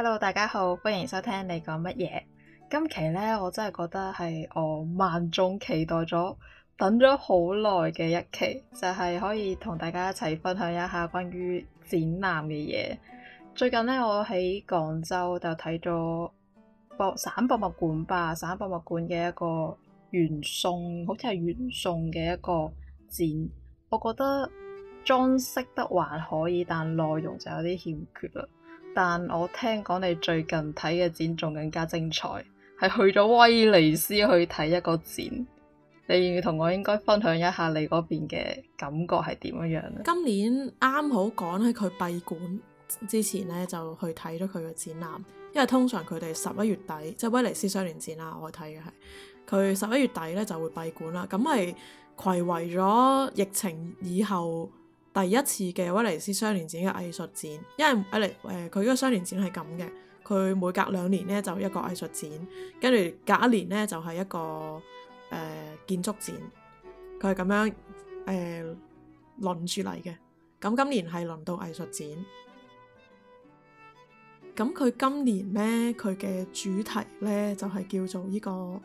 Hello，大家好，歡迎收聽你講乜嘢？今期咧，我真係覺得係我、哦、萬眾期待咗、等咗好耐嘅一期，就係、係、可以同大家一齊分享一下關於展覽嘅嘢。最近咧，我喺廣州就睇咗博省博物館吧，省博物館嘅一個元宋，好似係元宋嘅一個展。我覺得裝飾得還可以，但內容就有啲欠缺啦。但我聽講你最近睇嘅展仲更加精彩，係去咗威尼斯去睇一個展，你同我應該分享一下你嗰邊嘅感覺係點樣啊？今年啱好趕喺佢閉館之前咧，就去睇咗佢嘅展覽，因為通常佢哋十一月底即係、就是、威尼斯雙年展啦，我睇嘅係佢十一月底咧就會閉館啦，咁係攲圍咗疫情以後。第一次嘅威尼斯雙年展嘅藝術展，因為威尼誒佢呢個雙年展係咁嘅，佢每隔兩年咧就一個藝術展，跟住隔一年咧就係、是、一個誒、呃、建築展，佢係咁樣誒輪住嚟嘅。咁、呃嗯、今年係輪到藝術展，咁、嗯、佢今年咧佢嘅主題咧就係、是、叫做呢、這個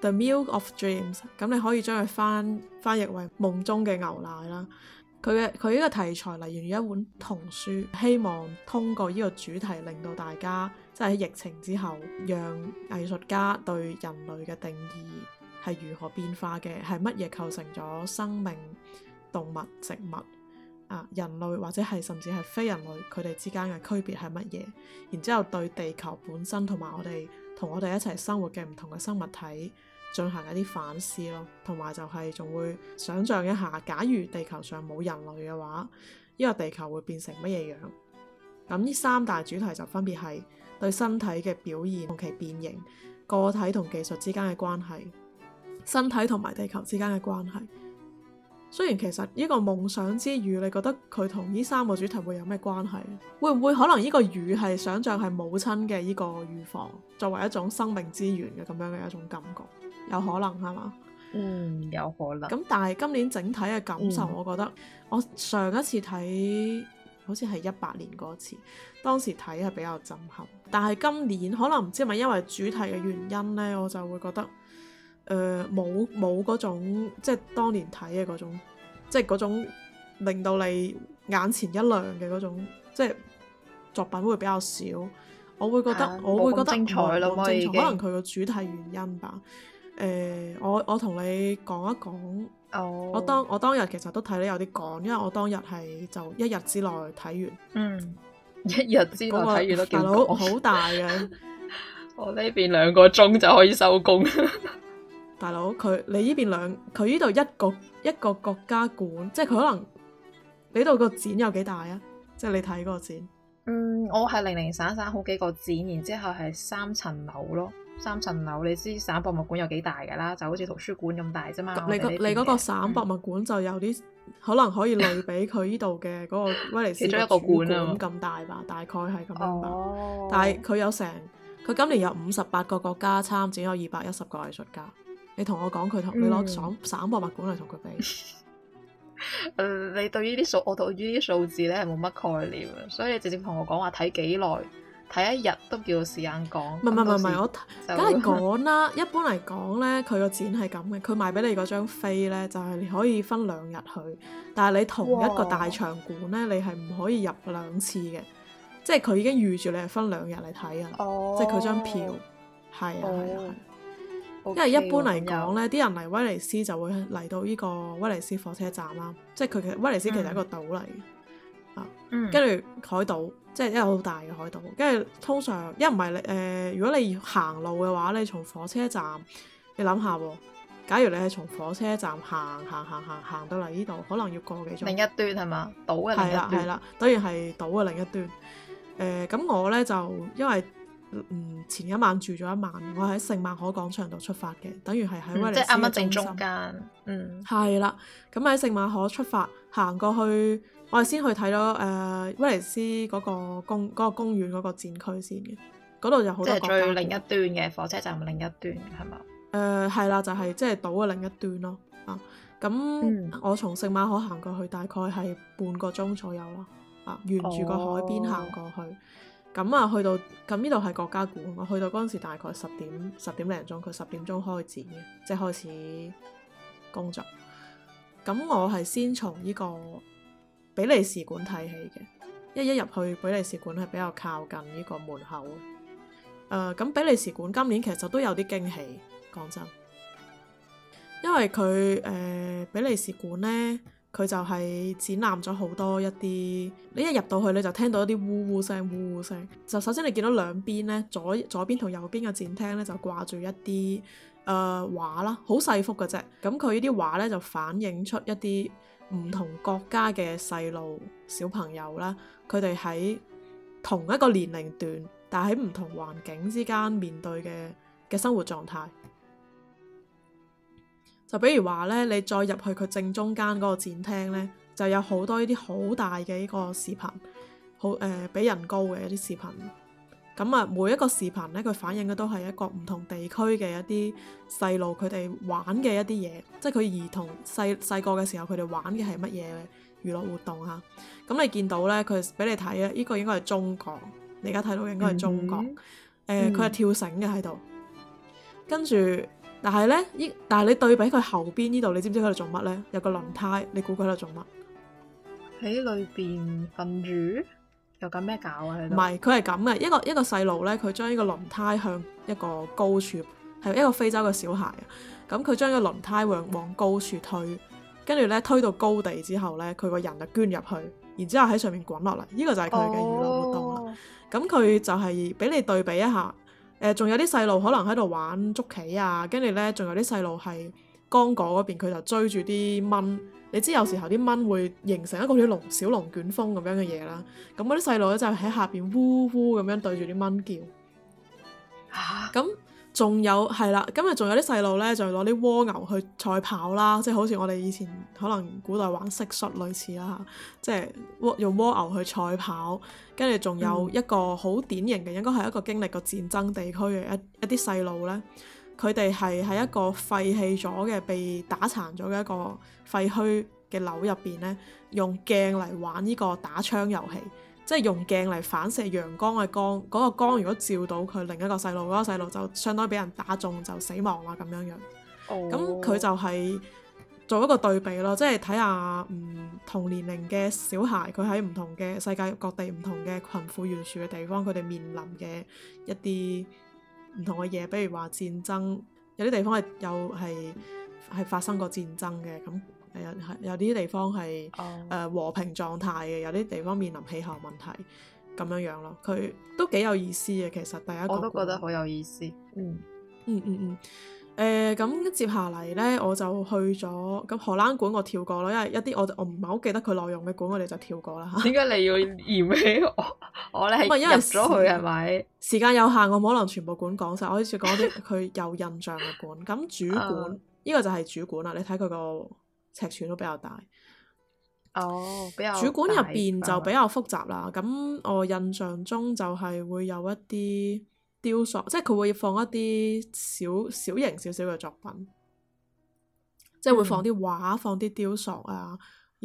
The Milk of Dreams，咁、嗯、你可以將佢翻翻譯為夢中嘅牛奶啦。佢嘅佢呢個題材嚟源於一本童書，希望通過呢個主題令到大家即係喺疫情之後，讓藝術家對人類嘅定義係如何變化嘅，係乜嘢構成咗生命、動物、植物、啊、人類或者係甚至係非人類佢哋之間嘅區別係乜嘢？然之後對地球本身同埋我哋同我哋一齊生活嘅唔同嘅生物體，進行一啲反思咯，同埋就係仲會想象一下，假如地球上冇人類嘅話，呢、這個地球會變成乜嘢樣？咁呢三大主題就分別係對身體嘅表現同其變形、個體同技術之間嘅關係、身體同埋地球之間嘅關係。雖然其實呢個夢想之乳，你覺得佢同呢三個主題會有咩關係？會唔會可能呢個乳係想象係母親嘅呢個乳房，作為一種生命之源嘅咁樣嘅一種感覺？有可能係嘛？嗯，有可能咁，但係今年整體嘅感受，我覺得、嗯、我上一次睇好似係一八年嗰次，當時睇係比較震撼。但係今年可能唔知係咪因為主題嘅原因呢，我就會覺得誒冇冇嗰種即係當年睇嘅嗰種，即係嗰種令到你眼前一亮嘅嗰種，即係作品會比較少。我會覺得、啊、我會覺得精彩咯，可能佢個主題原因吧。誒、欸，我我同你講一講，我，講講、oh. 我當我當日其實都睇你有啲講，因為我當日係就一日之內睇完、嗯，一日之內睇完都、那個、大佬，好 大嘅。 我呢邊兩個鐘就可以收工。大佬，佢你呢邊兩佢呢度一個一個國家館，即係佢可能你度個展有幾大啊？即係你睇嗰個展。嗯，我係零零散散好幾個展，然後之後係三層樓咯。三層樓，你知省博物館有幾大噶啦？就好似圖書館咁大啫嘛。你個你嗰個省博物館就有啲、嗯、可能可以類比佢呢度嘅嗰個威尼斯。 其中一個館咁大吧， 大概係咁樣、oh. 但係佢有成，佢今年有五十八個國家參展，有二百一十個藝術家。你同我講佢同你攞省省博物館嚟同佢比。 你對呢啲數，我對呢啲數字咧冇乜概念啊，所以你直接同我講話睇幾耐。睇一日都叫時間講，唔係唔係唔係，我梗係講啦。一般嚟講咧，佢個展係咁嘅，佢賣俾你嗰張飛咧，就係、是、你可以分兩日去，但係你同一個大場館咧，哇你係唔可以入兩次嘅，即係佢已經預住你係分兩日嚟睇㗎喇。即係佢張票，係啊係、哦、啊係，因為、啊、Okay, 一般嚟講咧，啲、嗯、人嚟威尼斯就會嚟到呢個威尼斯火車站啦。即係佢其實威尼斯其實係一個島嚟。嗯跟住、嗯、海島，即係一個好大嘅海島。跟住通常因為唔係你誒，如果你要行路嘅話，你從火車站，你諗下，假如你係從火車站行行行行行到嚟呢度，可能要過幾個幾鐘。另一端係嘛？島嘅另一端。係啦係啦，等於係島嘅另一端。誒、啊，咁、啊呃、我呢，就因為嗯前一晚住咗一晚，我喺聖馬可廣場度出發嘅，等於係喺威尼斯嘅中心。即啱啱正中間。嗯，係啦、啊，咁喺聖馬可出發，行過去。我係先去睇咗誒威尼斯嗰個公嗰、那個、公園嗰個展區先嘅。嗰度有好多國家館，即係最另一端嘅火車站，另一端係咪啊？誒係啦，就係即係島嘅另一端咯啊！咁、嗯、我從聖馬可行過去，大概係半個鐘左右啦啊，沿住個海邊行過去咁、哦、啊，去到咁呢度係國家館。我、啊、去到嗰陣時，大概十點十點零鐘，佢十點鐘開展嘅，即、就、係、是、開始工作。咁我係先從呢、這個。比利時館睇戲嘅，一一入去比利時館係比較靠近呢個門口。誒、呃，咁比利時館今年其實都有啲驚喜，講真。因為佢誒、呃、比利時館呢，佢就係展覽咗好多一啲，你一入到去你就聽到一啲呼呼聲、呼呼聲。就首先你見到兩邊呢，左左邊同右邊嘅展廳呢，就掛住一啲誒、呃、畫啦，好細幅嘅啫。咁佢呢啲畫呢，就反映出一啲。唔同國家嘅細路小朋友啦，佢哋喺同一個年齡段，但喺唔同環境之間面對嘅嘅生活狀態，就比如話咧，你再入去佢正中間嗰個展廳咧，就有好多呢啲好大嘅呢個視頻，好誒、呃、比人高嘅一啲視頻。咁啊，每一個視頻咧，佢反映嘅都係一個唔同地區嘅一啲細路佢哋玩嘅一啲嘢，即係佢兒童細細個嘅時候佢哋玩嘅係乜嘢娛樂活動嚇。咁你見到咧，佢俾你睇啊，呢個應該係中國，你而家睇到應該係中國。誒、嗯，佢係、呃、跳繩嘅喺度，嗯、跟住，但係咧，呢但係你對比佢後邊呢度，你知唔知佢喺度做乜咧？有個輪胎，你估佢喺度做乜？喺裏邊瞓住。又咁咩搞啊？佢唔係，佢係咁嘅。一個一個細路呢，佢將呢個輪胎向一個高處，係一個非洲嘅小孩啊。咁佢將個輪胎往往高處推，跟住呢推到高地之後呢，佢個人就捐入去，然之後喺上面滾落嚟。呢、這個就係佢嘅娛樂活動啦。咁佢、oh. 就係俾你對比一下。誒、呃，仲有啲細路可能喺度玩捉棋啊，跟住呢，仲有啲細路係。剛果嗰邊佢就追住啲蚊，你知有時候啲蚊會形成一個好似龍小龍捲風咁樣嘅嘢啦。咁嗰啲細路咧就喺下邊呼呼咁樣對住啲蚊叫。嚇！ 咁仲有係啦，咁啊仲有啲細路咧就攞啲蝸牛去賽跑啦，即係好似我哋以前可能古代玩蟋蟀類似啦，即係蝸用蝸牛去賽跑，跟住仲有一個好典型嘅，應該係一個經歷過戰爭地區嘅一一啲細路咧。佢哋係喺一個廢棄咗嘅被打殘咗嘅一個廢墟嘅樓入邊呢，用鏡嚟玩呢個打槍遊戲，即係用鏡嚟反射陽光嘅光。嗰個光如果照到佢另一個細路，嗰個細路就相當於俾人打中就死亡啦咁樣樣。咁佢、oh. 就係做一個對比咯，即係睇下唔同年齡嘅小孩，佢喺唔同嘅世界各地、唔同嘅貧富懸殊嘅地方，佢哋面臨嘅一啲。唔同嘅嘢，比如話戰爭，有啲地方係有係係發生過戰爭嘅，咁誒有有啲地方係誒、Oh. 呃、和平狀態嘅，有啲地方面臨氣候問題咁樣樣咯，佢都幾有意思嘅。其實大家都覺得好有意思。嗯嗯嗯嗯。嗯嗯嗯。誒，咁、呃、接下嚟呢，我就去咗咁荷蘭館，我跳過咯，因為一啲我我唔係好記得佢內容嘅館，我哋就跳過啦。點解你要嫌棄我？呢？ 咧，唔因為入咗去係咪？是是時間有限，我冇可能全部館講晒，我只講啲佢有印象嘅館。咁 主館，呢、uh oh. 個就係主館啦。你睇佢個尺寸都比較大。哦，oh, 比較主館入邊就比較複雜啦。咁 我印象中就係會有一啲。雕塑，即係佢會放一啲小小，小小型少少嘅作品，即係會放啲畫，嗯、放啲雕塑啊。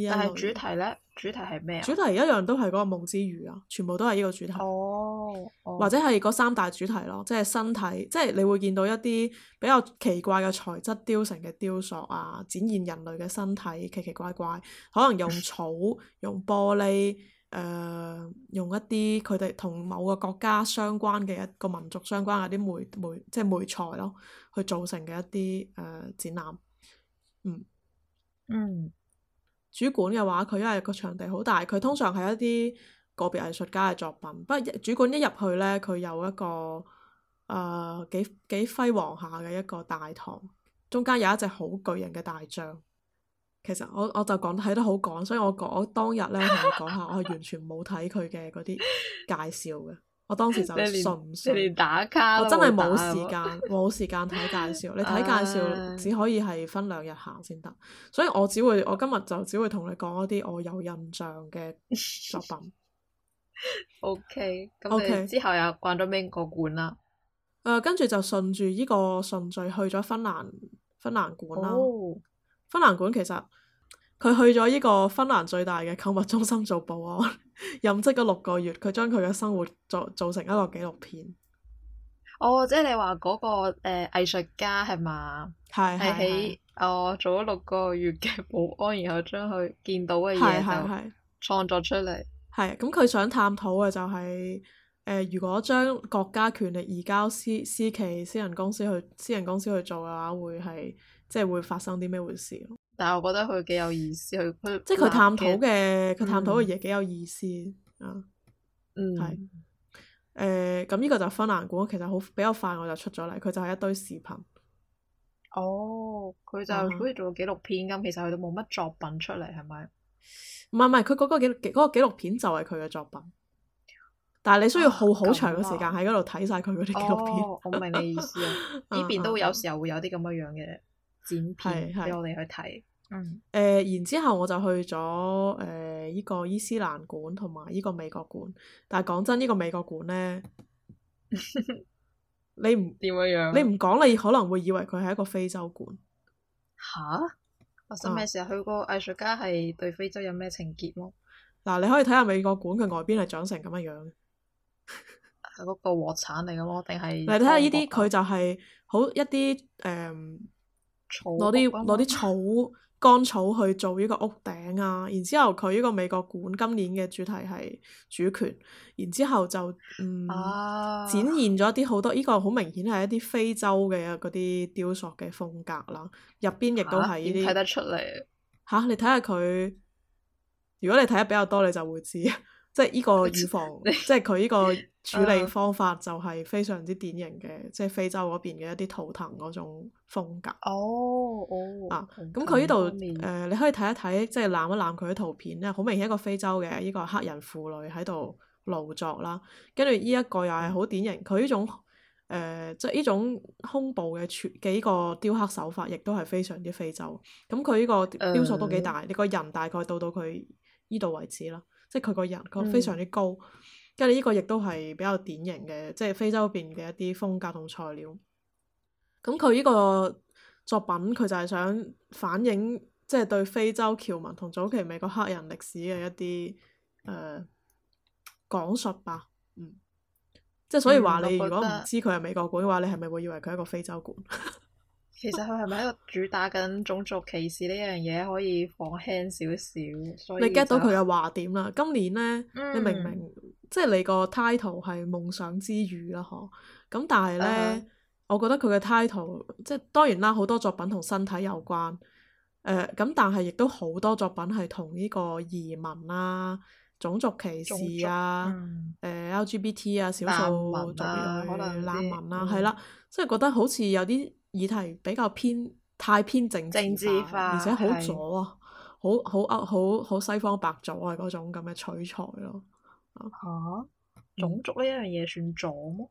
但係主題呢？主題係咩啊？主題一樣都係嗰個夢之乳啊，全部都係呢個主題。哦，哦或者係嗰三大主題咯，即係身體，即係你會見到一啲比較奇怪嘅材質雕成嘅雕塑啊，展現人類嘅身體奇奇怪怪，可能用草、嗯、用玻璃。誒、uh, 用一啲佢哋同某個國家相關嘅一個民族相關嘅啲媒媒，即係媒材咯，去做成嘅一啲誒、uh, 展覽。嗯嗯，主館嘅話，佢因為個場地好大，佢通常係一啲個別藝術家嘅作品。不過主館一入去呢，佢有一個誒、uh, 幾幾輝煌下嘅一個大堂，中間有一隻好巨型嘅大象。其實我我就講睇得好趕，所以我講當日咧同你講下， 我係完全冇睇佢嘅嗰啲介紹嘅。我當時就純粹打卡打，我真係冇時間，冇 時間睇介紹。 你睇介紹只可以係分兩日行先得，所以我只會我今日就只會同你講一啲我有印象嘅作品。O K，咁你之後又逛咗咩個館啦？誒、呃，跟住就順住呢個順序去咗芬蘭芬蘭館啦。Oh. 芬蘭館其實～佢去咗呢個芬蘭最大嘅購物中心做保安， 任職咗六個月，佢將佢嘅生活做做成一個紀錄片。哦、oh, 那個，即係你話嗰個誒藝術家係嘛？係係喺哦做咗六個月嘅保安，然後將佢見到嘅嘢就創作出嚟。係咁，佢想探討嘅就係、是、誒、呃，如果將國家權力移交 C, C 私私企、私人公司去私人公司去做嘅話，會係即係會發生啲咩回事咯？但係我覺得佢幾有意思，佢即係佢探討嘅佢探討嘅嘢幾有意思啊，係誒咁呢個就芬蘭館，其實好比較快，我就出咗嚟。佢就係一堆視頻。哦，佢就好似做紀錄片咁，嗯、其實佢都冇乜作品出嚟，係咪？唔係唔係，佢嗰個紀嗰、嗰個紀錄片就係佢嘅作品。但係你需要耗好長嘅時間喺嗰度睇晒佢嗰啲紀錄片。我明你意思啊，呢 邊都有時候會有啲咁嘅樣嘅剪片俾我哋去睇。嗯，呃、然之後我就去咗誒依個伊斯蘭館同埋依個美國館，但係講真，呢、呢個美國館呢， 你唔點樣樣？你唔講，你可能會以為佢係一個非洲館。吓？發生咩時候去過藝術家，係對非洲有咩情結嗱、啊，你可以睇下美國館佢外邊係長成咁嘅樣，係 嗰個鑊鏟嚟嘅麼？定係？你睇下呢啲，佢就係好一啲誒，攞啲攞啲草，乾草去做呢個屋頂啊，然之後佢呢個美國館今年嘅主題係主權，然之後就嗯、啊、展現咗啲好多呢、呢個好明顯係一啲非洲嘅嗰啲雕塑嘅風格啦，入邊亦都係呢啲睇得出嚟，吓、啊，你睇下佢，如果你睇得比較多，你就會知。即係呢個預防， 即係佢呢個處理方法就係非常之典型嘅， 即係非洲嗰邊嘅一啲圖騰嗰種風格。哦哦，啊，咁佢呢度誒，你可以睇一睇，即係攬一攬佢啲圖片咧，好明顯一個非洲嘅呢個黑人婦女喺度勞作啦。跟住呢一個又係好典型，佢呢種誒、呃，即係呢種胸部嘅全幾個雕刻手法，亦都係非常之非洲。咁佢呢個雕塑都幾大，你個人大概到到佢依度為止啦。 即係佢個人，佢非常之高。跟住呢個亦都係比較典型嘅，即係非洲邊嘅一啲風格同材料。咁佢呢個作品，佢就係想反映即係對非洲僑民同早期美國黑人歷史嘅一啲誒講述吧。嗯，即係所以話你如果唔知佢係美國館嘅話，嗯，你係咪會以為佢係一個非洲館？ 其實佢係咪一個主打緊種族歧視呢樣嘢可以放輕少少？所以你 get 到佢嘅話點啦？今年呢，嗯、你明唔明即係你個 title 係夢想之語啦，嗬。咁但係呢，嗯、我覺得佢嘅 title 即係當然啦，好多作品同身體有關。誒、呃，咁但係亦都好多作品係同呢個移民啦、啊、種族歧視啊、嗯呃、LGBT 啊、少數族裔難民啊，係啦、嗯，即係覺得好似有啲。議題比較偏太偏政治化，而且好左啊，是好好歐好好西方白左啊嗰種咁嘅取材咯吓、啊、種族呢一樣嘢算左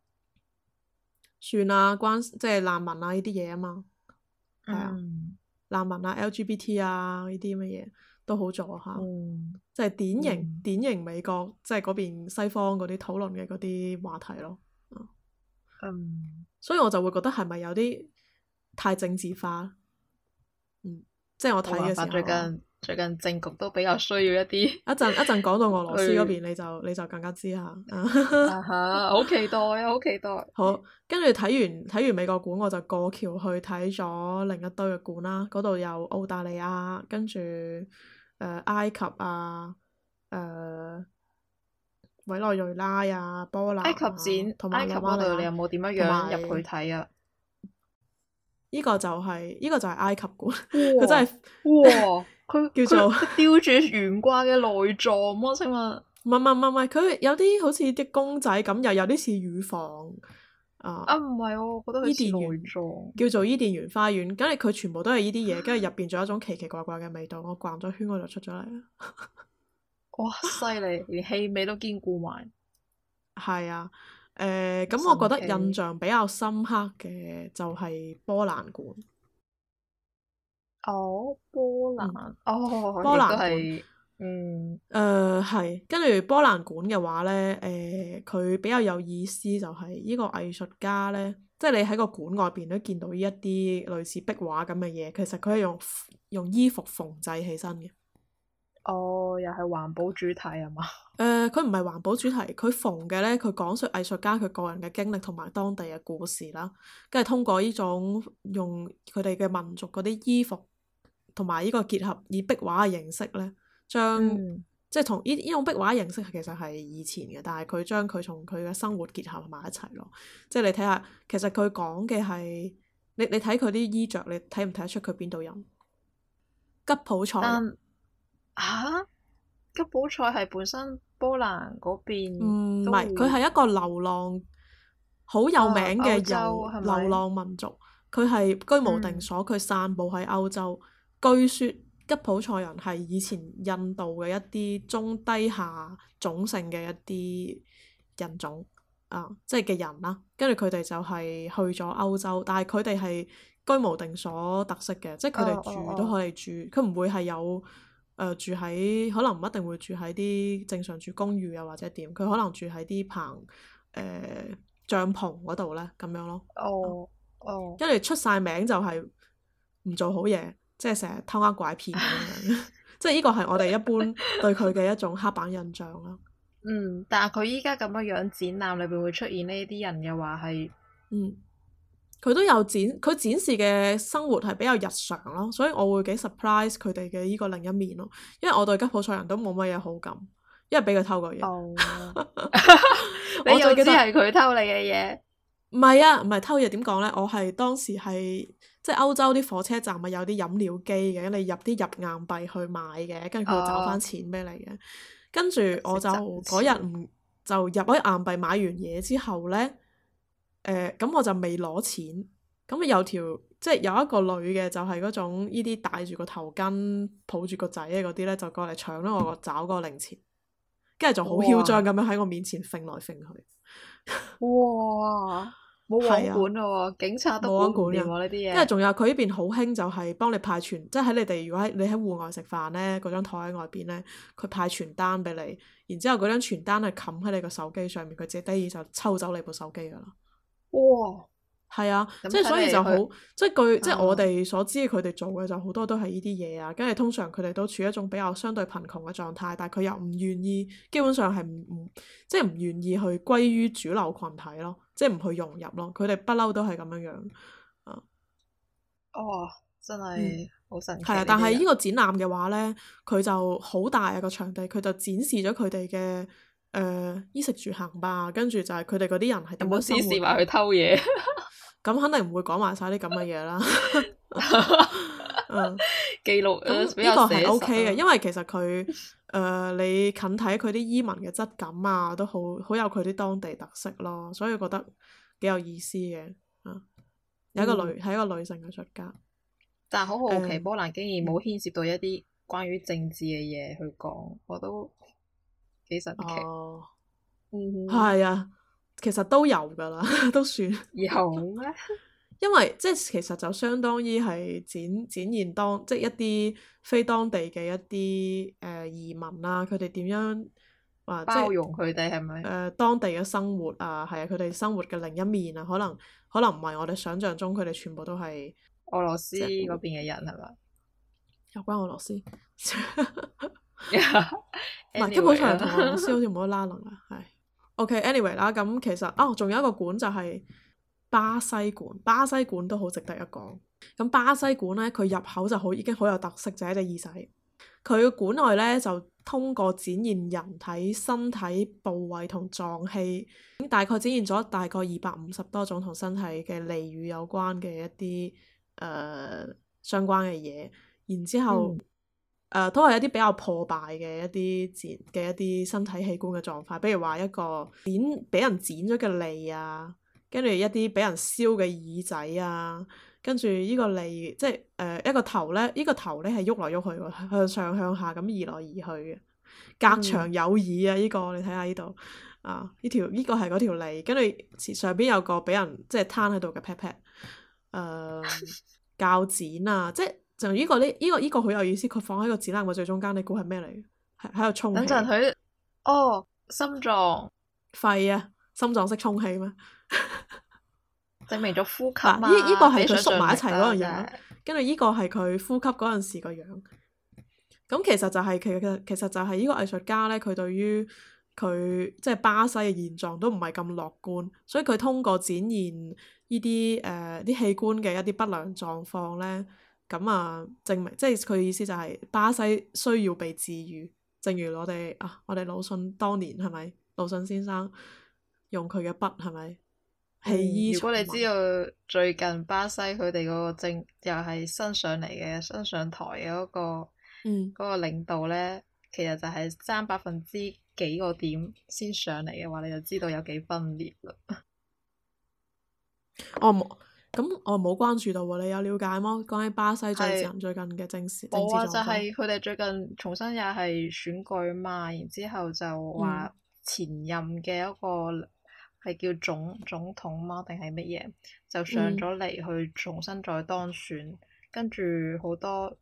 算啊、嗯、啊，關即係難民啊呢啲嘢啊嘛，係啊，難民啊 LGBT 啊呢啲乜嘢都好左吓，嗯、即係典型、嗯、典型美國即係嗰邊西方嗰啲討論嘅嗰啲話題咯。嗯，嗯所以我就會覺得係咪有啲？太政治化啦，嗯，即係我睇嘅時候。哦、最近最近政局都比較需要一啲。 一陣一陣講到俄羅斯嗰邊， 對你就你就更加知下。啊 哈、uh，huh, 好期待啊，好期待。好，跟住睇完睇完美國館，我就過橋去睇咗另一堆嘅館啦。嗰度有澳大利亞，跟住誒埃及啊，誒、呃、委內瑞拉啊，波蘭、啊。埃及展，同埋。埃及度及你有冇點樣樣入去睇啊？呢個就係、是、呢、呢個就係埃及館，佢 真係，哇！佢叫做雕住懸掛嘅內臟，我請問，唔唔唔係佢有啲好似啲公仔咁，又有啲似乳房、呃、啊？啊唔係，我覺得係內臟，叫做伊甸園花園，梗係佢全部都係呢啲嘢，跟住入邊仲有一種奇奇怪怪嘅味道，我逛咗圈我就出咗嚟啦。哇！犀利，連 氣味都兼顧埋，係啊。 誒咁，嗯、我覺得印象比較深刻嘅就係波蘭館。哦，波蘭哦，波蘭係嗯誒係跟住波蘭館嘅、嗯呃、話咧，誒、呃、佢比較有意思就係呢個藝術家咧，即係你喺個館外邊都見到呢一啲類似壁畫咁嘅嘢，其實佢係用用衣服縫製起身嘅。哦，又係環保主題係嘛？誒，佢唔係環保主題，佢、呃、逢嘅呢，佢講述藝術家佢個人嘅經歷同埋當地嘅故事啦，跟住通過呢種用佢哋嘅民族嗰啲衣服同埋呢個結合以壁畫嘅形式呢，將、嗯、即係同呢呢種壁畫形式其實係以前嘅，但係佢將佢同佢嘅生活結合埋一齊咯。即係你睇下，其實佢講嘅係你你睇佢啲衣着，你睇唔睇得出佢邊度人？吉普賽？嗯嚇、啊！吉普賽係本身波蘭嗰邊、嗯，唔係佢係一個流浪，好有名嘅人。流浪民族。佢係、啊、居無定所，佢、嗯、散佈喺歐洲。據說吉普賽人係以前印度嘅一啲中低下種姓嘅一啲人種啊，即係嘅人啦、啊。跟住佢哋就係去咗歐洲，但係佢哋係居無定所，特色嘅，嗯、即係佢哋住都可以住，佢唔會係有。誒、呃、住喺可能唔一定會住喺啲正常住公寓啊，或者點，佢可能住喺啲棚誒帳、呃、篷嗰度咧咁樣咯。哦哦，因為出晒名就係唔做好嘢，即係成日偷呃拐騙咁樣， 即係呢個係我哋一般對佢嘅一種刻板印象啦。 嗯，但係佢依家咁嘅樣，樣展覽裏邊會出現呢啲人嘅話係嗯。佢都有展，佢展示嘅生活係比較日常咯，所以我會幾 surprise 佢哋嘅依個另一面咯，因為我對吉普賽人都冇乜嘢好感，因為俾佢偷過嘢。Oh. 你又知係佢偷你嘅嘢。唔係啊，唔係偷嘢點講呢？我係當時係即係歐洲啲火車站咪有啲飲料機嘅，你入啲入硬幣去買嘅，跟住佢會找翻錢俾你嘅。跟住、oh. 我就嗰日唔就入咗硬幣買完嘢之後呢。誒咁，嗯、我就未攞錢咁啊，嗯，有條即係有一個女嘅，就係、是，嗰種依啲戴住個頭巾抱住個仔嘅嗰啲咧，就過嚟搶啦我個找個零錢，跟住仲好囂張咁樣喺我面前揈來揈去哇。哇！冇人管 啊喎，警察都冇管人呢啲嘢。跟住仲有佢呢邊好興就係幫你派傳，即係喺你哋如果喺你喺戶外食飯咧，嗰張台喺外邊咧，佢派傳單俾你，然之後嗰張傳單係冚喺你個手機上面，佢借低二就抽走你部手機㗎啦。哇，係啊，嗯、即係所以就好，即係據即係我哋所知，佢哋做嘅就好多都係呢啲嘢啊，跟住通常佢哋都處於一種比較相對貧窮嘅狀態，但係佢又唔願意，基本上係唔唔即係唔願意去歸於主流群體咯，即係唔去融入咯，佢哋不嬲都係咁樣樣、啊、哦，真係好神奇！係、嗯、啊，但係呢個展覽嘅話呢，佢就好大啊、這個場地，佢就展示咗佢哋嘅。誒、呃，衣食住行吧，跟住就係佢哋嗰啲人係點樣生活。有冇去偷嘢？咁 肯定唔會講埋晒啲咁嘅嘢啦。記錄呢個係 O K 嘅，因為其實佢誒、呃，你近睇佢啲衣紋嘅質感啊，都好好有佢啲當地特色咯，所以覺得幾有意思嘅。啊，有一個女，係、嗯、一個女性嘅出家，但係好好奇，嗯、波蘭竟然冇牽涉到一啲關於政治嘅嘢去講，我都。其實哦，係啊、嗯哼，其實都有噶啦，都算有咩嗎？因為即係、就是、其實就相當於係展展現當即一啲非當地嘅一啲誒、呃、移民啦、啊，佢哋點樣啊、呃、包容佢哋係咪？誒即、呃，當地嘅生活啊，係啊，佢哋生活嘅另一面啊，可能可能唔係我哋想象中，佢哋全部都係俄羅羅斯嗰邊嘅人係嘛？有關俄羅斯。 唔係， anyway, 基本上同老師好似冇得拉能啊，係。 OK，anyway、okay, 啦，咁其實哦，仲有一個館就係巴西館，巴西館都好值得一講。咁巴西館咧，佢入口就好，已經好有特色，就係一隻耳仔。佢個館內咧，就通過展現人體身體部位同臟器，已經大概展現咗大概二百五十多種同身體嘅俚語有關嘅一啲誒、呃、相關嘅嘢，然之後。嗯都係一啲比較破敗嘅一啲剪嘅一啲身體器官嘅狀況，比如話一個剪俾人剪咗嘅脷啊，跟住一啲俾人燒嘅耳仔啊，跟住呢個脷即係誒、呃、一個頭咧，呢、這個頭咧係喐來喐去嘅，向上向下咁移來移去嘅，隔牆有耳啊！呢、嗯這個你睇下呢度啊，依、這個、條呢個係嗰條脷，跟住上邊有個俾人即係攤喺度嘅 pat pat，誒鉸剪啊，即係。就呢個呢？呢個呢個好有意思。佢放喺個展覽嘅最中間，你估係咩嚟？係喺度充氣。等陣佢哦，心臟肺啊，心臟式充氣咩？ 證明咗呼吸。呢呢個係佢縮埋一齊嗰樣嘢。跟住呢個係佢呼吸嗰陣時個樣。咁、嗯、其實就係、係、其實其實就係呢個藝術家咧，佢對於佢即係巴西嘅現狀都唔係咁樂觀，所以佢通過展現呢啲誒啲器官嘅一啲不良狀況咧。咁啊，證明即係佢意思就係巴西需要被治癒，正如我哋啊，我哋魯迅當年係咪魯迅先生用佢嘅筆係咪、係？如果你知道最近巴西佢哋嗰個政又係新上嚟嘅新上台嘅嗰、嗰個嗰、嗯、個領導咧，其實就係爭百分之幾個點先上嚟嘅話，你就知道有幾分裂啦。哦冇、嗯。 咁、嗯、我冇關注到喎，你有了解嗎？講起巴西最近最近嘅政事，政治、冇啊、政治狀況就係佢哋最近重新又係選舉嘛，然之後就話前任嘅一個係叫總總統嘛，定係乜嘢就上咗嚟去重新再當選，跟住好多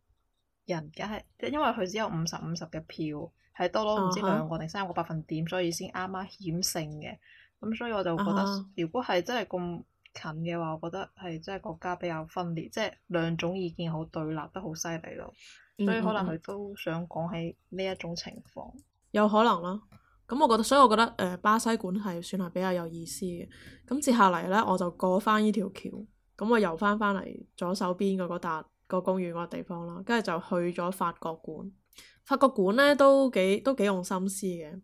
人梗係，因為佢只有五十五十嘅票，係多咗唔知兩個定三個百分點，所以先啱啱險勝嘅。咁所以我就覺得，啊、哈如果係真係咁。近嘅話，我覺得係即係國家比較分裂，即係兩種意見好對立，得好犀利咯。嗯嗯。所以可能佢都想講起呢一種情況，有可能啦。咁我覺得，所以我覺得誒、呃、巴西館係算係比較有意思嘅。咁接下嚟呢，我就過翻呢條橋，咁我遊翻翻嚟左手邊嘅嗰笪個公園嗰個地方啦，跟住就去咗法國館。法國館呢都幾都幾用心思嘅，誒、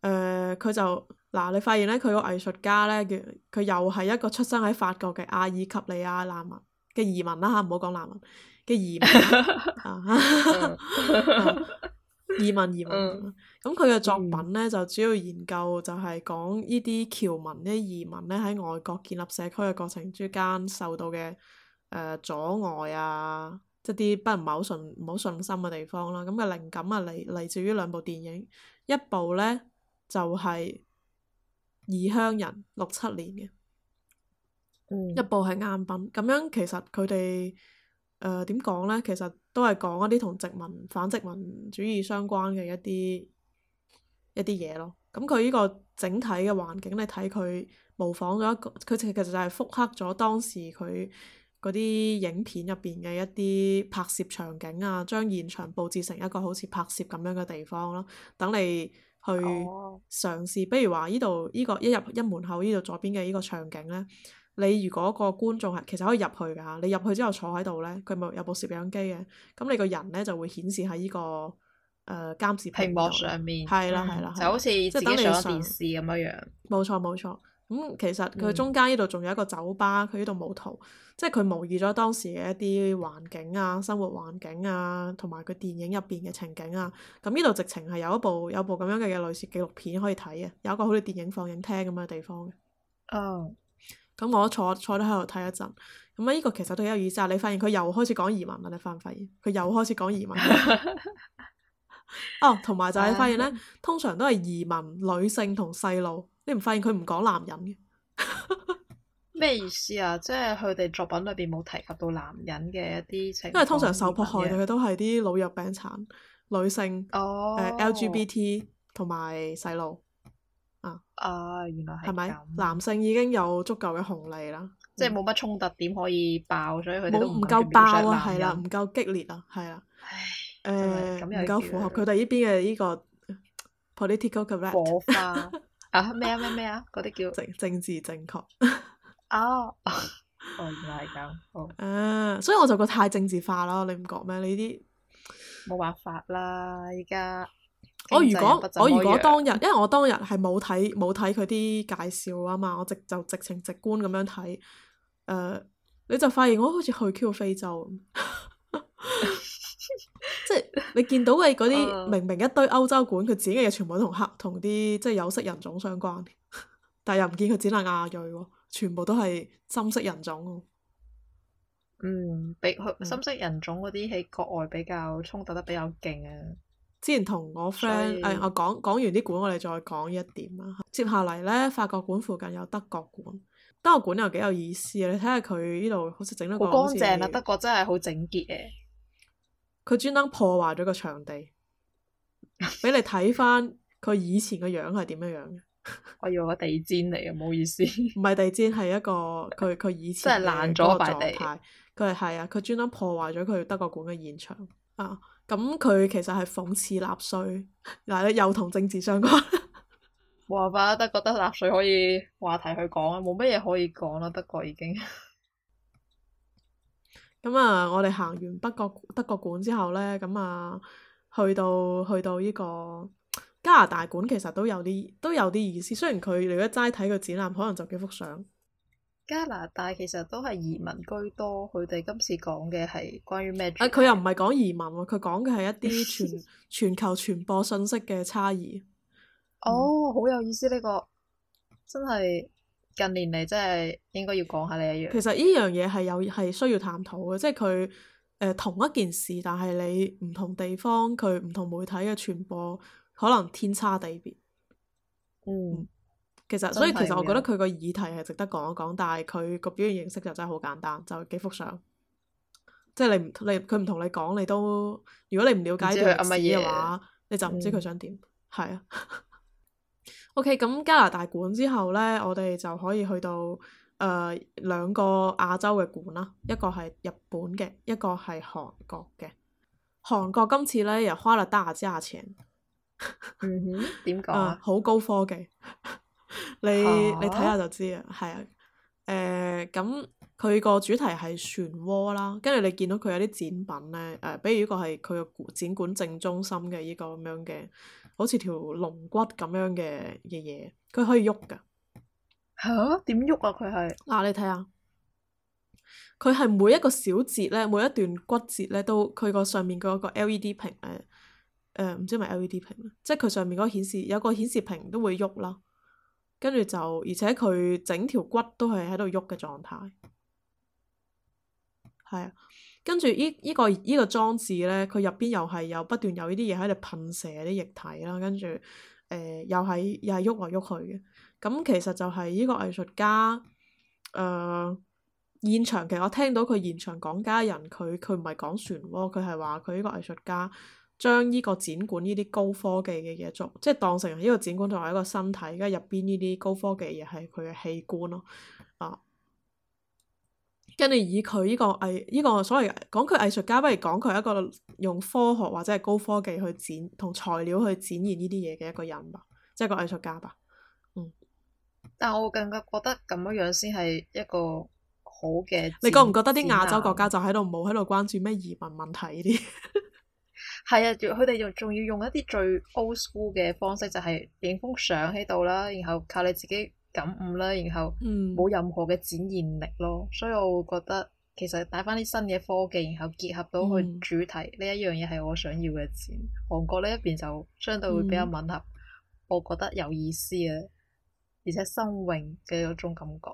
呃、佢就。嗱，你發現咧，佢個藝術家咧，佢又係一個出生喺法國嘅阿爾及利亞難民嘅移民啦吓，唔好講難民嘅移民移民移民。咁佢嘅作品咧就主要研究就係講呢啲僑民、呢啲移民咧喺外國建立社區嘅過程之間受到嘅誒、呃、阻礙啊，即係啲唔好信唔好信心嘅地方啦。咁、那、嘅、個、靈感啊嚟嚟自於兩部電影，一部咧就係、是就。是異鄉人六七年嘅、嗯、一部係啱品，咁樣其實佢哋誒點講呢？其實都係講一啲同殖民反殖民主義相關嘅一啲一啲嘢咯。咁佢呢個整體嘅環境，你睇佢模仿咗一個，佢其其實就係複刻咗當時佢嗰啲影片入邊嘅一啲拍攝場景啊，將現場佈置成一個好似拍攝咁樣嘅地方咯，等你。去嘗試，比如話呢度呢個一入一門口呢度左邊嘅呢個場景呢，你如果個觀眾係其實可以入去嘅嚇，你入去之後坐喺度呢，佢咪有部攝影機嘅，咁你個人呢就會顯示喺呢、呢個誒、呃、監視屏幕上面，係啦係啦，就好似自己坐電視咁樣樣，冇錯冇錯。咁、嗯、其實佢中間呢度仲有一個酒吧，佢呢度冇圖，即係佢模擬咗當時嘅一啲環境啊、生活環境啊，同埋佢電影入邊嘅情景啊。咁呢度直情係有一部有部咁樣嘅類似紀錄片可以睇嘅，有一個好似電影放映廳咁嘅地方嘅。咁、哦嗯、我坐坐都喺度睇一陣。咁、嗯、啊，呢、這個其實都幾有意思啊！你發現佢又開始講移民啦，你發唔發現？佢又開始講移民。 哦，同埋就係發現呢，通常都係移民女性同細路。你唔發現佢唔講男人嘅咩 意思啊？即係佢哋作品裏邊冇提及到男人嘅一啲情，因為通常受迫害到嘅都係啲老弱病殘女性，誒、哦呃、LGBT 同埋細路啊。原來係咪男性已經有足夠嘅紅利啦？即係冇乜衝突點可以爆，所以佢哋都唔夠爆啊！係啦，唔夠激烈啊！係啊，誒咁唔夠符合佢哋呢邊嘅呢、呢個 political correct 咩啊咩咩啊，嗰啲、啊啊啊、叫政政治正確哦，哦原來係咁哦，所以我就覺得太政治化咯，你唔覺咩？你啲冇辦法啦，而家我如果我如果當日，因為我當日係冇睇冇睇佢啲介紹啊嘛，我直就直情直觀咁樣睇，誒、uh，你就發現我好似去 Q 非洲。 即係你見到嘅嗰啲明明一堆歐洲館，佢、uh, 剪嘅嘢全部都同黑同啲即係有色人種相關，但係又唔見佢剪爛亞裔喎，全部都係深色人種。嗯，比深色人種嗰啲喺國外比較衝突得比較勁啊！嗯、之前同我 friend 誒以、哎，我講講完啲館，我哋再講一點啊。接下嚟呢，法國館附近有德國館，德國館又幾有意思啊！你睇下佢呢度好似整得個好乾淨啊，德國真係好整潔嘅。佢專登破壞咗個場地，畀你睇翻佢以前嘅樣係點樣樣嘅。 我以為個地氈嚟嘅，唔好意思，唔 係地氈，係一個佢佢以前即係爛咗塊地。佢係係啊，佢專登破壞咗佢德國館嘅現場。啊，咁佢其實係諷刺納稅，嗱你又同政治相關，冇辦法，德國得納粹可以話題去講啊，冇乜嘢可以講啦，德國已經。咁啊、嗯，我哋行完北國德國館之後咧，咁、嗯、啊，去到去到呢，這個加拿大館，其實都有啲都有啲意思。雖然佢如果你齋睇個展覽，可能就幾幅相。加拿大其實都係移民居多，佢哋、嗯、今次講嘅係關於咩？啊，佢又唔係講移民喎，佢講嘅係一啲全 全球傳播信息嘅差異。哦、嗯，好有意思呢，這個，真係～近年嚟真係應該要講下你一樣。其實呢樣嘢係有係需要探討嘅，即係佢誒同一件事，但係你唔同地方佢唔同媒體嘅傳播，可能天差地別。嗯，其實所以其實我覺得佢個議題係值得講一講，但係佢個表現形式就真係好簡單，就幾幅相。即係你唔你佢唔同你講，你都如果你唔了解呢段歷史嘅話，你就唔知佢想點。係啊、嗯。 O.K. 咁加拿大館之後呢，我哋就可以去到誒、呃、兩個亞洲嘅館啦，一個係日本嘅，一個係韓國嘅。韓國今次呢，又花咗大阿揸錢，嗯哼，點講啊？好、 呃、高科技， 你、啊、你睇下就知啊，係啊，誒、呃、咁。佢個主題係漩渦啦，跟住你見到佢有啲展品咧，誒、呃，比如依個係佢個展館正中心嘅依、這個咁樣嘅，好似條龍骨咁樣嘅嘅嘢，佢可以喐噶吓？點喐啊？佢係嗱，你睇下，佢係每一個小節咧，每一段骨節咧，都佢個上面嗰個 L E D 屏，誒、呃、誒，唔知係咪 L E D 屏，即係佢上面嗰個顯示有個顯示屏都會喐啦，跟住就而且佢整條骨都係喺度喐嘅狀態。係啊，跟住依依個依、這個裝置咧，佢入邊又係有不斷有呢啲嘢喺度噴射啲液體啦，跟住誒、呃、又係又係喐來喐去嘅。咁、嗯、其實就係依個藝術家誒、呃、現場，其實我聽到佢現場講家人，佢佢唔係講漩渦，佢係話佢呢個藝術家將呢個展館呢啲高科技嘅嘢做，即係當成呢個展館作為一個身體，跟住入邊呢啲高科技嘢係佢嘅器官咯。跟住以佢呢個藝依、呢個所謂講佢藝術家，不如講佢係一個用科學或者係高科技去展同材料去展現呢啲嘢嘅一個人吧，即係個藝術家吧。嗯，但我更加覺得咁樣樣先係一個好嘅。 你覺唔覺得啲亞洲國家就喺度冇喺度關注咩移民問題啲？係 啊，佢哋仲仲要用一啲最 old school 嘅方式，就係影幅相喺度啦，然後靠你自己，感悟啦，然後冇任何嘅展現力咯，嗯、所以我會覺得其實帶翻啲新嘅科技，然後結合到佢主題呢、嗯、一樣嘢係我想要嘅展。韓國呢一邊就相對會比較吻合，嗯、我覺得有意思啊，而且新穎嘅一種感覺。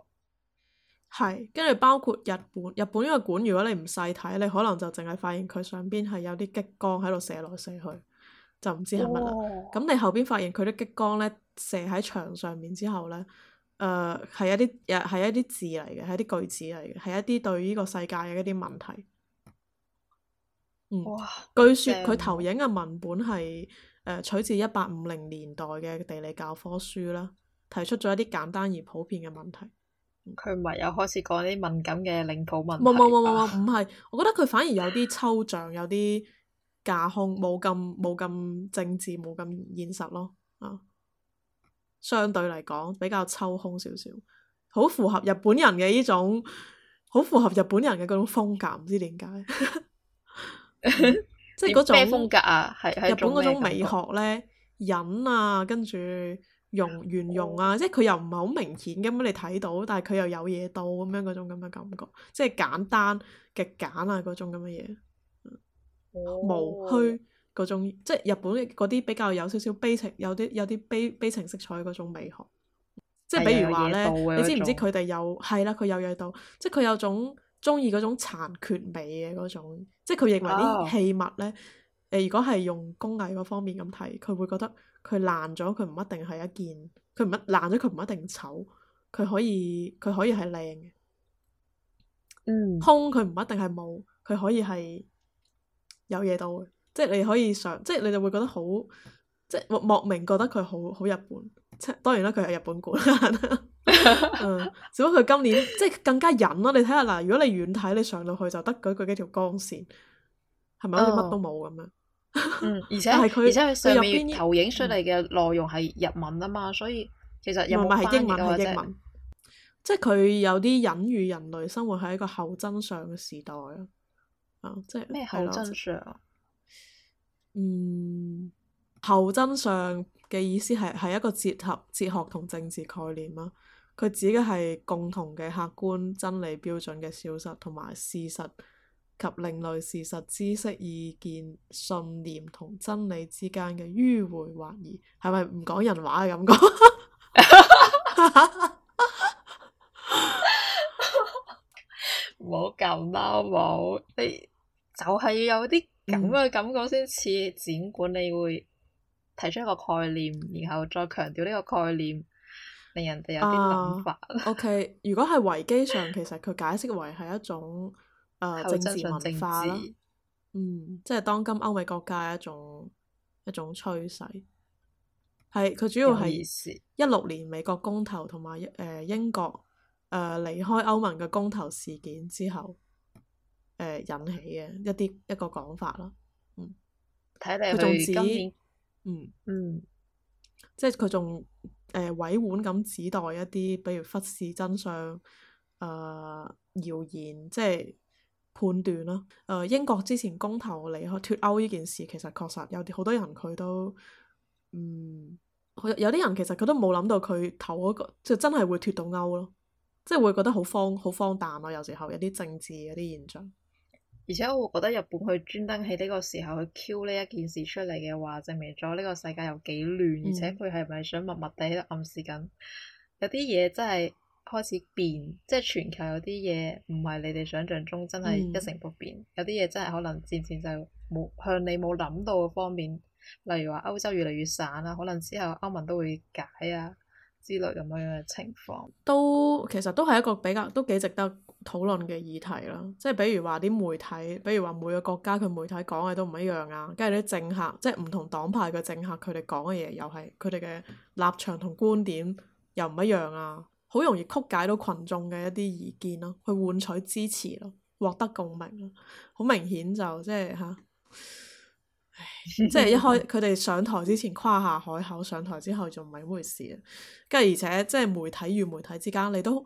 係，跟住包括日本，日本呢個館，如果你唔細睇，你可能就淨係發現佢上邊係有啲激光喺度射嚟射去，就唔知係乜啦。咁、哦、你後邊發現佢啲激光咧射喺牆上面之後咧，誒係、呃、一啲，誒、呃、一啲字嚟嘅，係一啲句子嚟嘅，係一啲對呢個世界嘅一啲問題。嗯、哇！據說佢投影嘅文本係誒、呃、取自一八五零年代嘅地理教科書啦，提出咗一啲簡單而普遍嘅問題。佢唔係有開始講啲敏感嘅領土文？冇冇冇冇冇，唔係，我覺得佢反而有啲抽象，有啲架空，冇咁冇咁政治，冇咁現實咯，啊、嗯！相對嚟講比較抽空少少，好符合日本人嘅呢種，好符合日本人嘅嗰種風格，唔知點解， 即係嗰種風格啊，係日本嗰種美學咧，忍啊，跟住用圓融啊，即係佢又唔係好明顯咁樣你睇到，但係佢又有嘢到咁樣嗰種咁嘅感覺，即係簡單極簡啊嗰種咁嘅嘢，嗯哦、無虛。嗰種即係日本嗰啲比較有少少悲情，有啲有啲悲悲情色彩嗰種美學，即係比如話咧，你知唔知佢哋有係啦？佢有嘢到，即係佢有種鍾意嗰種殘缺美嘅嗰種，即係佢認為啲器物咧，誒、oh. 如果係用工藝嗰方面咁睇，佢會覺得佢爛咗，佢唔一定係一件佢唔一爛咗，佢唔一定醜，佢可以佢可以係靚嘅，嗯、mm.，空佢唔一定係冇，佢可以係有嘢到嘅。即係你可以上，即係你就會覺得好，即係莫名覺得佢好好日本。當然啦，佢係日本館、 嗯，只不過佢今年即係更加隱咯。你睇下嗱，如果你遠睇，你上到去就得嗰幾幾條光線，係咪好似乜都冇咁樣？而且係佢，而且佢上面、入面投影出嚟嘅內容係日文啊嘛，嗯、所以其實有冇係是英文？係英文，就係、即係佢有啲隱喻人類生活喺一個後真相嘅時代啊、嗯！即係咩後真相？嗯麼 嗯，後真相嘅意思係係一個結合哲學同政治概念啦。佢指嘅係共同嘅客觀真理標準嘅消失，同埋事實及另類事實、知識、意見、信念同真理之間嘅迂回懷疑。係咪唔講人話嘅感覺？唔好咁啦，好唔好，你就係要有啲。咁嘅感覺先似展館，你會提出一個概念，然後再強調呢個概念，令人哋有啲諗法。啊、 o、okay. K，如果係維基上，其實佢解釋為係一種誒、呃、真政治文化啦，嗯，即係當今歐美國家一種一種趨勢，係，佢主要係一六年美國公投同埋誒英國誒、呃、離開歐盟嘅公投事件之後。呃、引起嘅一啲一個講法咯。嗯，睇嚟佢仲指嗯嗯，嗯即係佢仲委婉咁指代一啲，比如忽視真相誒謠、呃、言，即係判斷咯、呃。英國之前公投離開脫歐呢件事，其實確實有好多人佢都嗯，有啲人其實佢都冇諗到佢投嗰個就真係會脫到歐咯，即係會覺得好荒好荒誕咯。有時候有啲政治有啲現象。而且我會覺得日本去專登喺呢個時候去 Q 呢一件事出嚟嘅話，證明咗呢個世界有幾亂，嗯、而且佢係咪想默默地喺度暗示緊有啲嘢真係開始變，即係全球有啲嘢唔係你哋想象中真係一成不變，嗯、有啲嘢真係可能漸漸就冇向你冇諗到嘅方面，例如話歐洲越嚟越散啦，可能之後歐盟都會解啊之類咁樣嘅情況。都其實都係一個比較都幾值得討論嘅議題啦，即係比如話啲媒體，比如話每個國家佢媒體講嘅都唔一樣啊，跟住啲政客，即係唔同黨派嘅政客，佢哋講嘅嘢又係佢哋嘅立場同觀點又唔一樣啊，好容易曲解到群眾嘅一啲意見咯、啊，去換取支持咯、啊，獲得共鳴咯、啊，好明顯就、就是啊、 即係嚇，即係一開佢哋上台之前誇下海口，上台之後就唔係咁回事啊，跟住而且即係媒體與媒體之間，你都。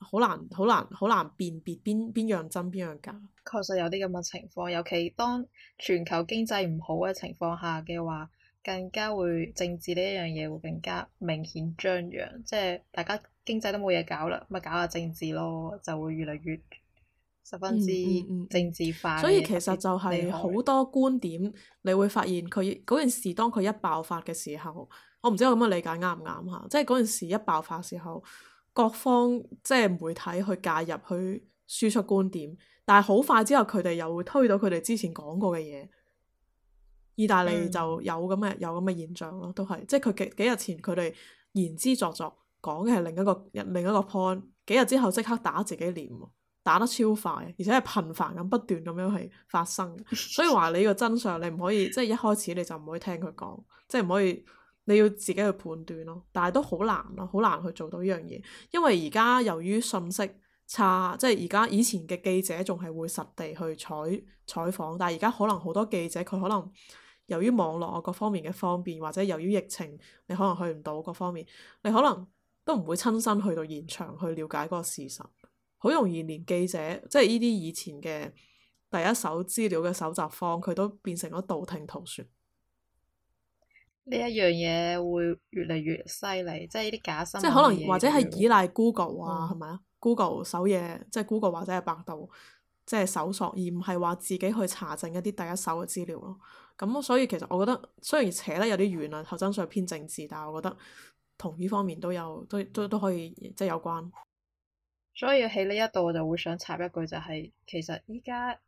好難，好難，好難辨別邊邊樣真邊樣假。確實有啲咁嘅情況，尤其當全球經濟唔好嘅情況下嘅話，更加會政治呢一樣嘢會更加明顯張揚。即係大家經濟都冇嘢搞啦，咪搞下政治咯，就會越嚟越十分之政治化。嗯嗯嗯。所以其實就係好多觀點，害你會發現佢嗰陣時當佢一爆發嘅時候，我唔知我咁樣理解啱唔啱吓？即係嗰陣時一爆發時候。各方即係媒體去介入去輸出觀點，但係好快之後，佢哋又會推到佢哋之前講過嘅嘢。意大利就有咁嘅、嗯、有咁嘅現象咯，都係即係佢幾幾日前佢哋言之鑿鑿講嘅係另一個另一個 point，幾日之後即刻打自己臉，打得超快，而且係頻繁咁不斷咁樣係發生。 所以話你個真相，你唔可以即係一開始你就唔可以聽佢講，即係唔可以。你要自己去判斷咯，但係都好難咯，好難去做到呢樣嘢，因為而家由於信息差，即係而家以前嘅記者仲係會實地去採採訪，但係而家可能好多記者佢可能由於網絡啊各方面嘅方便，或者由於疫情，你可能去唔到各方面，你可能都唔會親身去到現場去了解嗰個事實，好容易連記者即係呢啲以前嘅第一手資料嘅搜集方佢都變成咗道聽途說。呢一樣嘢會越嚟越犀利，即係啲假新即係可能或者係依賴 Google 啊，係咪啊？Google 搜嘢，即係 Google 或者係百度，即係搜索，而唔係話自己去查證一啲第一手嘅資料咯。咁所以其實我覺得，雖然扯得有啲遠啦，頭先想偏政治，但係我覺得同呢方面都有都都都可以即係有關。所以喺呢一度我就會想插一句，就係其實依家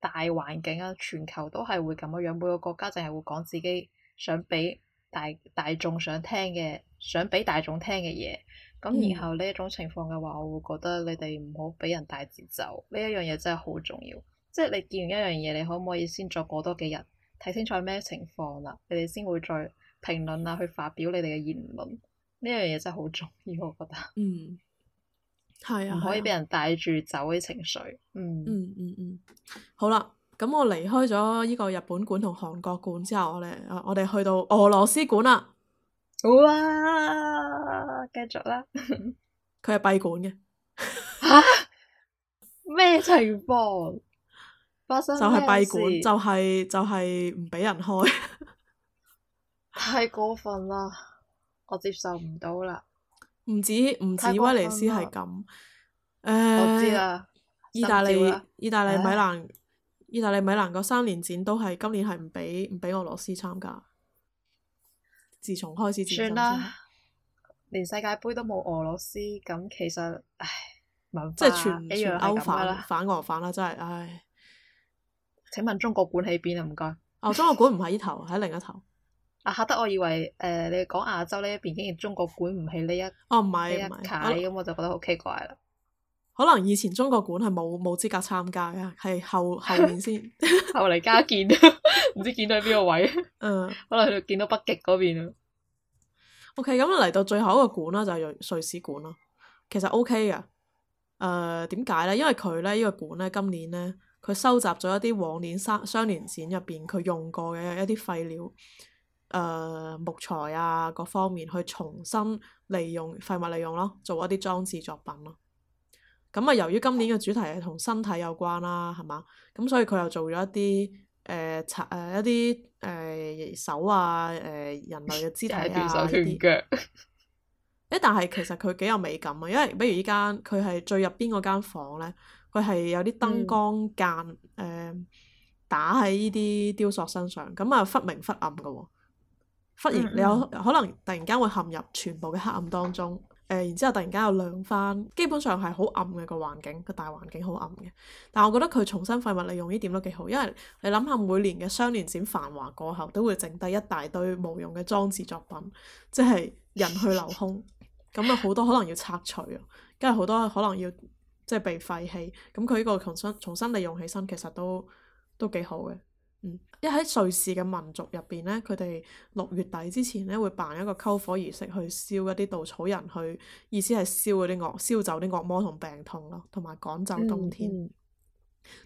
大環境啊，全球都係會咁樣樣，每個國家淨係會講自己。想畀大大眾想聽嘅，想畀大眾聽嘅嘢，咁然後呢一種情況嘅話，我會覺得你哋唔好畀人帶節奏呢一樣嘢真係好重要。即係你見完一樣嘢，你可唔可以先再過多幾日睇清楚咩情況啦？你哋先會再評論啦，去發表你哋嘅言論，呢樣嘢真係好重要，我覺得。嗯，係啊，唔可以畀人帶住走嘅情緒。嗯嗯嗯嗯，嗯，好啦。咁我離開咗呢個日本館同韓國館之後，我哋我哋去到俄羅斯館啦。好啊，繼續啦。佢係閉館嘅。吓？咩 情況？發生就係閉館，就係、是、就係唔畀人開。 太過分啦！我接受唔到啦。唔止唔止，止威尼斯係咁。誒、呃，我知啦。意大利意大利米蘭、啊。啊意大利米蘭個三年展都係今年係唔畀唔俾俄羅斯參加，自從開始算啦，連世界盃都冇俄羅斯，咁其實唉，即係全、啊、全歐反全歐反，反俄反啦，真係唉。請問中國館喺邊啊？唔該，哦，中國館唔喺呢頭，喺 另一頭。啊吓得我以為誒、呃，你講亞洲呢一邊，竟然中國館唔喺呢一哦唔係呢一屆，咁我就覺得好奇怪啦。可能以前中國館係冇冇資格參加嘅，係後後面先 後嚟加建，唔 知建到去邊個位？嗯，uh, 可能見到北極嗰邊 OK，咁啊嚟到最後一個館啦，就係、是、瑞瑞士館啦。其實 OK 嘅，誒點解咧？因為佢咧呢、這個館咧今年咧，佢收集咗一啲往年雙雙年展入邊佢用過嘅一啲廢料，誒、呃、木材啊各方面去重新利用廢物利用咯，做一啲裝置作品咯。咁啊，由於今年嘅主題係同身體有關啦，係嘛？咁所以佢又做咗一啲誒拆誒一啲誒、呃、手啊誒、呃、人類嘅肢體啊嗰啲。斷手斷腳。誒，但係其實佢幾有美感啊，因為比如依間佢係最入邊嗰間房咧，佢係有啲燈光間誒、嗯呃、打喺呢啲雕塑身上，咁啊忽明忽暗嘅喎，忽然你有、嗯、可能突然間會陷入全部嘅黑暗當中。誒，然之後突然間又亮翻，基本上係好暗嘅個環境，個大環境好暗嘅。但係我覺得佢重新廢物利用呢點都幾好，因為你諗下每年嘅雙年展繁華過後，都會剩低一大堆無用嘅裝置作品，即係人去樓空，咁啊好多可能要拆除啊，跟住好多可能要即係被廢棄，咁佢呢個重新重新利用起身其實都都幾好嘅。嗯，一喺瑞士嘅民族入邊呢，佢哋六月底之前呢，會辦一個篝火儀式，去燒一啲稻草人去，去意思係燒嗰啲惡、燒走啲惡魔同病痛咯，同埋趕走冬天。嗯、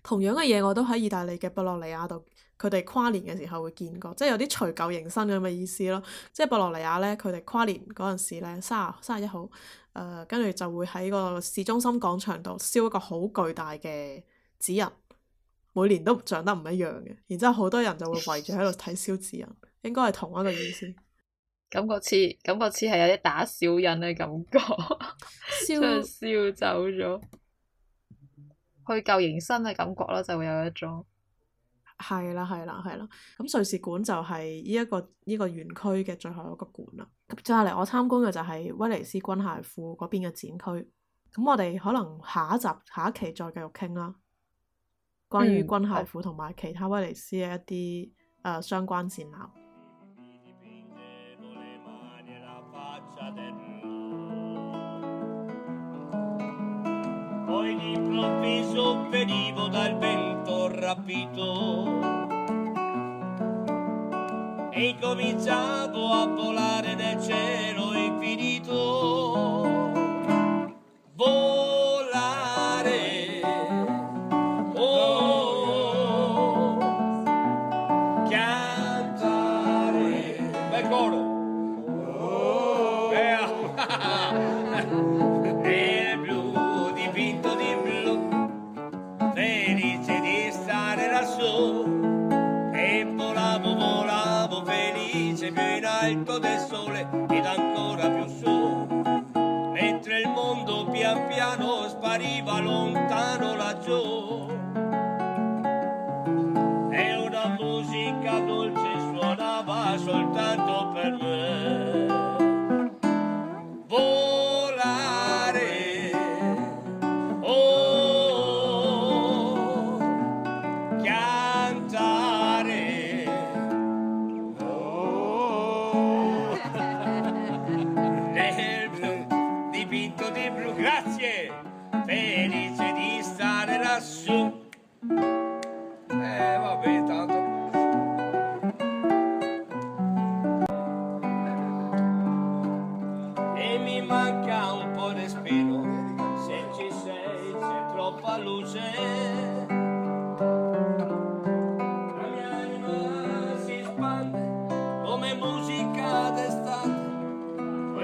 同樣嘅嘢我都喺意大利嘅布洛尼亞度，佢哋跨年嘅時候會見過，即係有啲除舊迎新咁嘅意思咯。即係布洛尼亞呢，佢哋跨年嗰陣時呢，三啊三十一號，誒、呃，跟住就會喺個市中心廣場度燒一個好巨大嘅紙人。每年都長得唔一樣嘅，然之後好多人就會圍住喺度睇肖子人， 應該係同一個意思。感覺似感覺似係有啲打小人嘅感覺，即係燒走咗，去舊迎新嘅感覺啦，就會有一種。係啦，係啦，係啦。咁瑞士館就係呢一個依、這個園區嘅最後一個館啦。接下嚟我參觀嘅就係威尼斯軍械庫嗰邊嘅展區。咁我哋可能下一集下一期再繼續傾啦，關於軍械庫同埋其他威尼斯嘅一啲、嗯呃、相關展覽。